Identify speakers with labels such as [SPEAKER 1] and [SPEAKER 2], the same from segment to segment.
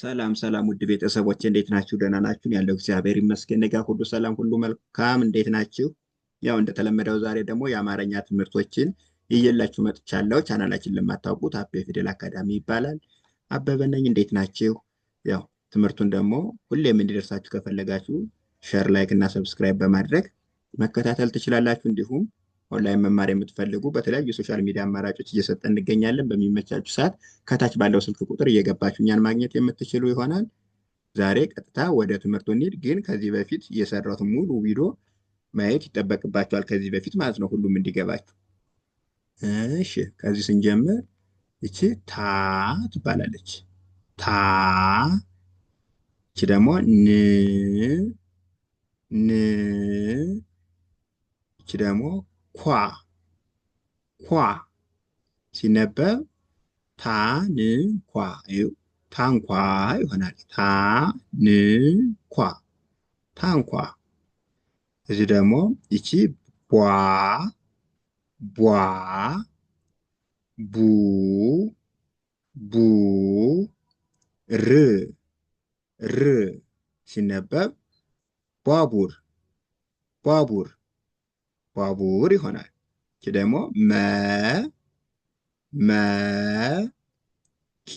[SPEAKER 1] ሰላም ሰላም ውድ ቤተሰቦች እንዴት ናችሁ? ደህና ናችሁን? ያለው እግዚአብሔር ይመስገን ጋ ሁሉ ሰላም ሁሉ መልካም። እንዴት ናችሁ? ያው እንደተለመደው ዛሬ ደግሞ የአማርኛ ትምህርቶችን እየላችሁ መጥቻለሁ። ቻናላችን ለማታውቁት አበበ ፊደል አካዳሚ ይባላል። አበበ ነኝ። እንዴት ናችሁ? ያው ትምህርቱን ደግሞ ሁሌም እንዲደርሳችሁ ከፈለጋችሁ ሸር፣ ላይክ እና ሰብስክራይብ በማድረግ መከታተል ትችላላችሁ። እንዲሁም ኦንላይን መማር የምትፈልጉ በተለያዩ የሶሻል ሚዲያ አማራጮች እየሰጠ እንገኛለን። በሚመቻችሁ ሰዓት ከታች ባለው ስልክ ቁጥር እየገባችሁ እኛን ማግኘት የምትችሉ ይሆናል። ዛሬ ቀጥታ ወደ ትምህርቱ እንሂድ። ግን ከዚህ በፊት የሰራሁትን ሙሉ ቪዲዮ ማየት ይጠበቅባቸዋል፣ ከዚህ በፊት ማለት ነው፣ ሁሉም እንዲገባችሁ። እሺ፣ ከዚህ ስንጀምር እቺ ታ ትባላለች። ታ እቺ ደግሞ ን ን እቺ ደግሞ ኳ ኳ ሲነበብ ታንኳ ታንኳ ይሆናል። ታንኳ ታንኳ። እዚህ ደግሞ ይቺ ቧ ቧ ቡ ቡ ር ር ሲነበብ ቧቡር ቧቡር። ባቡር ይሆናል። ይህ ደግሞ መ መ ኪ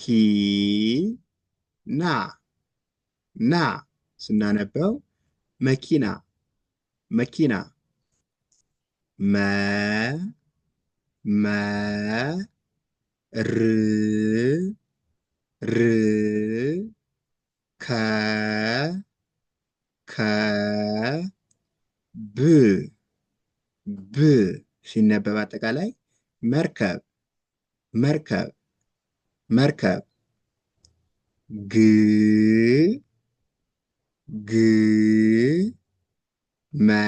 [SPEAKER 1] ኪ ና ና ስናነበው መኪና መኪና መ መ ር ር ከ ከ ብ ብ ሲነበብ አጠቃላይ መርከብ መርከብ መርከብ ግ ግ መ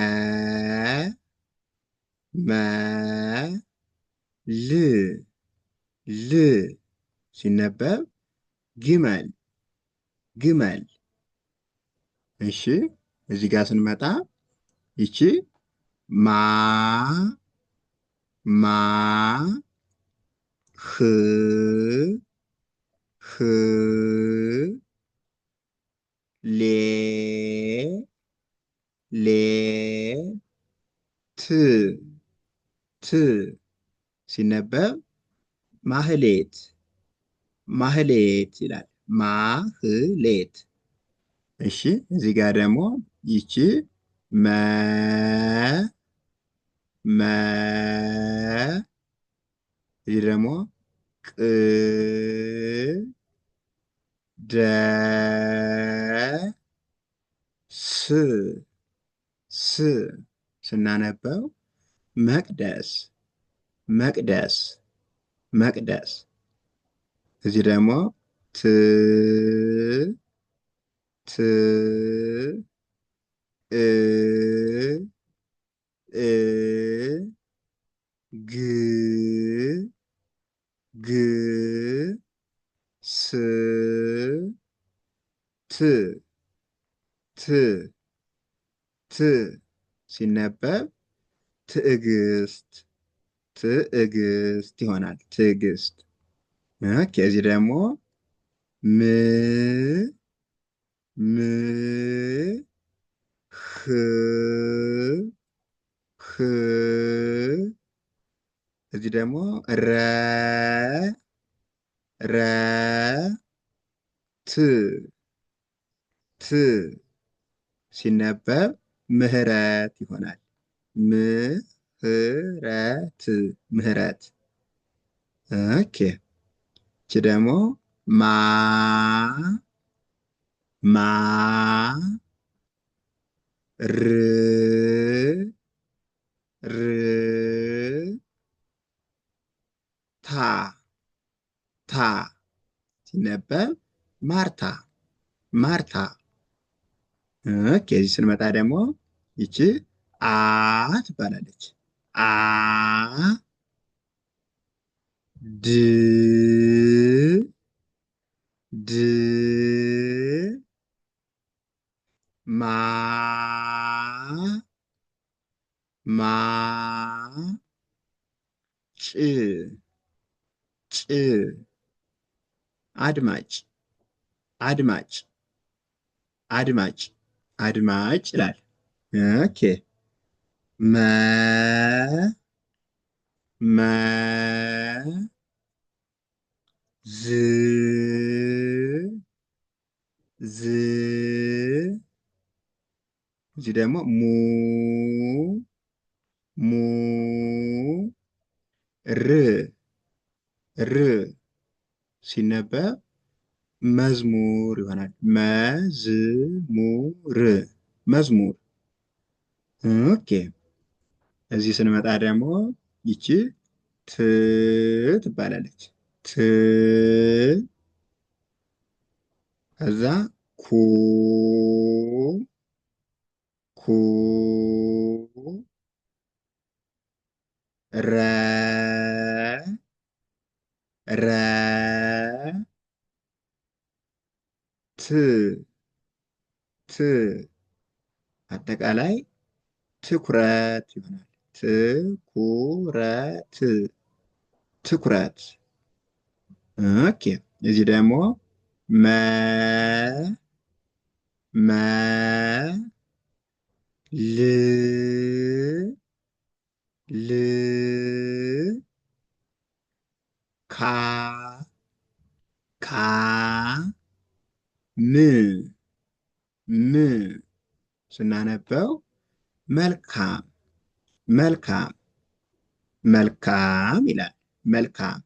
[SPEAKER 1] መ ል ል ሲነበብ ግመል ግመል። እሺ እዚህ ጋር ስንመጣ ይቺ ማ ማ ህ ህ ሌ ሌ ት ት ሲነበብ ማህሌት ማህሌት ይላል። ማህሌት። እሺ እዚህ ጋር ደግሞ ይቺ መ መ እዚህ ደግሞ ቅ ደ ስ ስ ስናነበው መቅደስ መቅደስ መቅደስ እዚህ ደግሞ ት ት እ ግ ግ ስ ት ት ት ሲነበብ ትዕግስት ትዕግስት ይሆናል። ትዕግስት እዚህ ደግሞ ም ም ህ ህ እዚህ ደግሞ ረ ረ ት ት ሲነበብ ምህረት ይሆናል። ምህረት ምህረት። ኦኬ እቺ ደግሞ ማ ማ ር ር ታ ታ ሲነበብ ማርታ ማርታ። ከዚህ ስንመጣ ደግሞ ይቺ አ ትባላለች። አ ድ ድ ማ አድማጭ አድማጭ አድማጭ አድማጭ ይላል። ኦኬ መ መ ዝ ዝ እዚህ ደግሞ ሙ ሙ ር ር ሲነበብ መዝሙር ይሆናል። መዝሙር መዝሙር። ኦኬ እዚህ ስንመጣ ደግሞ ይቺ ት ትባላለች። ት ከዛ ኩ ኩ ረ ት አጠቃላይ ትኩረት ይሆናል። ትኩረት ትኩረት። ኦኬ እዚህ ደግሞ መ መ ል ል ካ ም ስናነበው መልካም መልካም መልካም ይላል። መልካም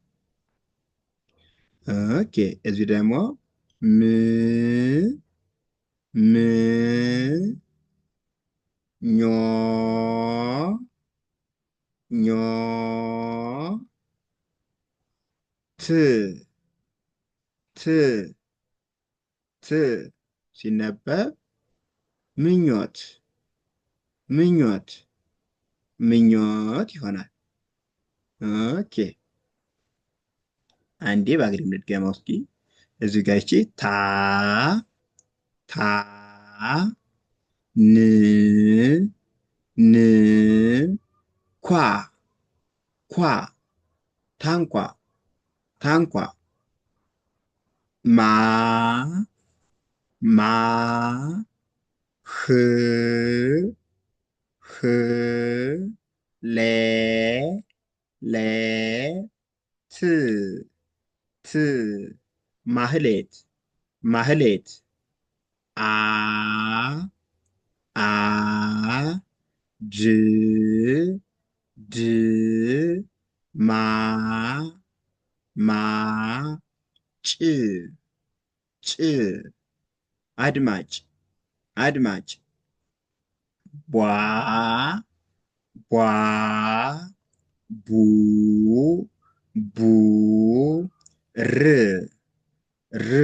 [SPEAKER 1] ኦኬ። እዚህ ደግሞ ም ም ኞ ኞ ት ት ት ሲነበብ ምኞት ምኞት ምኞት ይሆናል። ኦኬ አንዴ በአግድም ልድገመው እስኪ። እዚ ጋ ይቺ ታ ታ ን ን ኳ ኳ ታንኳ ታንኳ ማ ማ ህ ህ ሌ ሌ ት ት ማህሌት ማህሌት አ አ ጅ ድ ማ ማ ጭ ጭ አድማጭ አድማጭ ቧ ቧ ቡ ቡ ር ር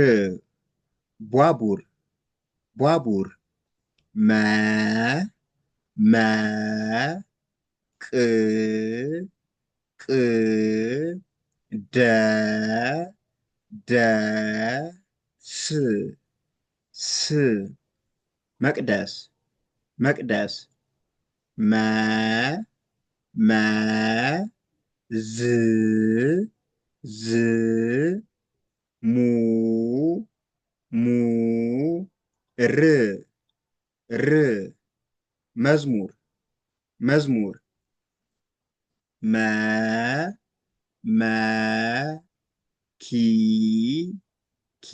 [SPEAKER 1] ቧቡር ቧቡር መ መ ቅ ቅ ደ ደ ስ ስ መቅደስ መቅደስ መ መ ዝ ዝ ሙ ሙ ር ር መዝሙር መዝሙር መ መ ኪ ኪ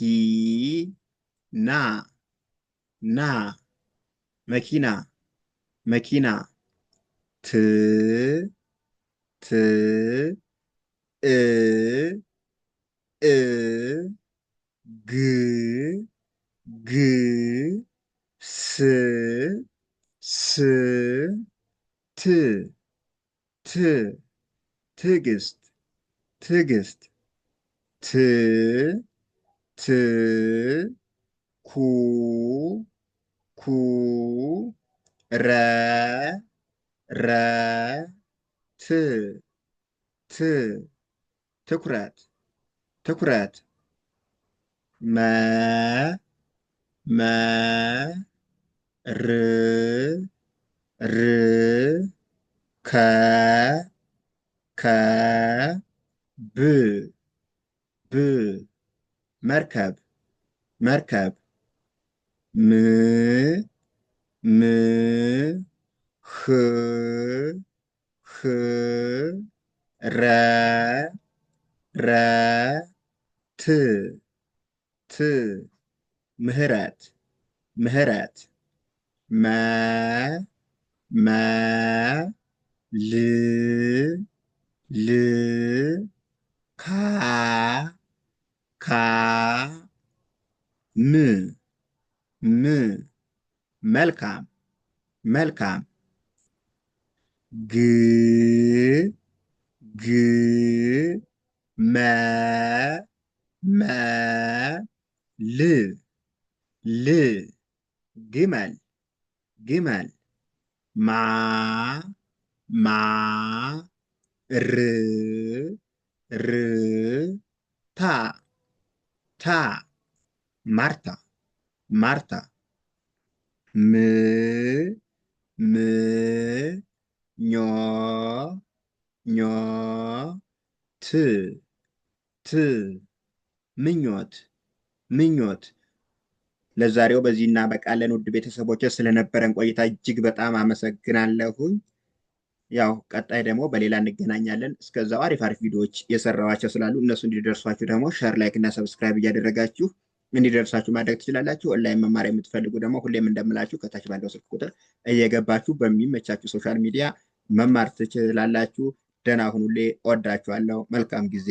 [SPEAKER 1] ና ና መኪና መኪና ት ት እ እ ግ ግ ስ ስ ት ት ትዕግስት ትዕግስት ት ት ኩ ኩ ረ ረ ት ት ትኩረት ትኩረት መ መ ር ር ከ ከ ብ ብ መርከብ መርከብ ም ም ህ ህ ረ ረ ት ት ምህረት ምህረት መ መ ል ል ካ ካ ም ም መልካም መልካም ግ ግ መ መ ል ል ግመል ግመል ማ ማ ር ር ታ ታ ማርታ ማርታ ም ም ኞ ኞ ት ት ምኞት ምኞት። ለዛሬው በዚህ እናበቃለን። ውድ ቤተሰቦች ስለነበረን ቆይታ እጅግ በጣም አመሰግናለሁኝ። ያው ቀጣይ ደግሞ በሌላ እንገናኛለን። እስከዛው አሪፍ አሪፍ ቪዲዮዎች የሰራኋቸው ስላሉ እነሱ እንዲደርሷችሁ ደግሞ ሸር፣ ላይክ እና ሰብስክራይብ እያደረጋችሁ እንዲደርሳችሁ ማድረግ ትችላላችሁ። ኦንላይን መማር የምትፈልጉ ደግሞ ሁሌም እንደምላችሁ ከታች ባለው ስልክ ቁጥር እየገባችሁ በሚመቻችሁ ሶሻል ሚዲያ መማር ትችላላችሁ። ደህና ሁኑሌ። ወዳችኋለሁ። መልካም ጊዜ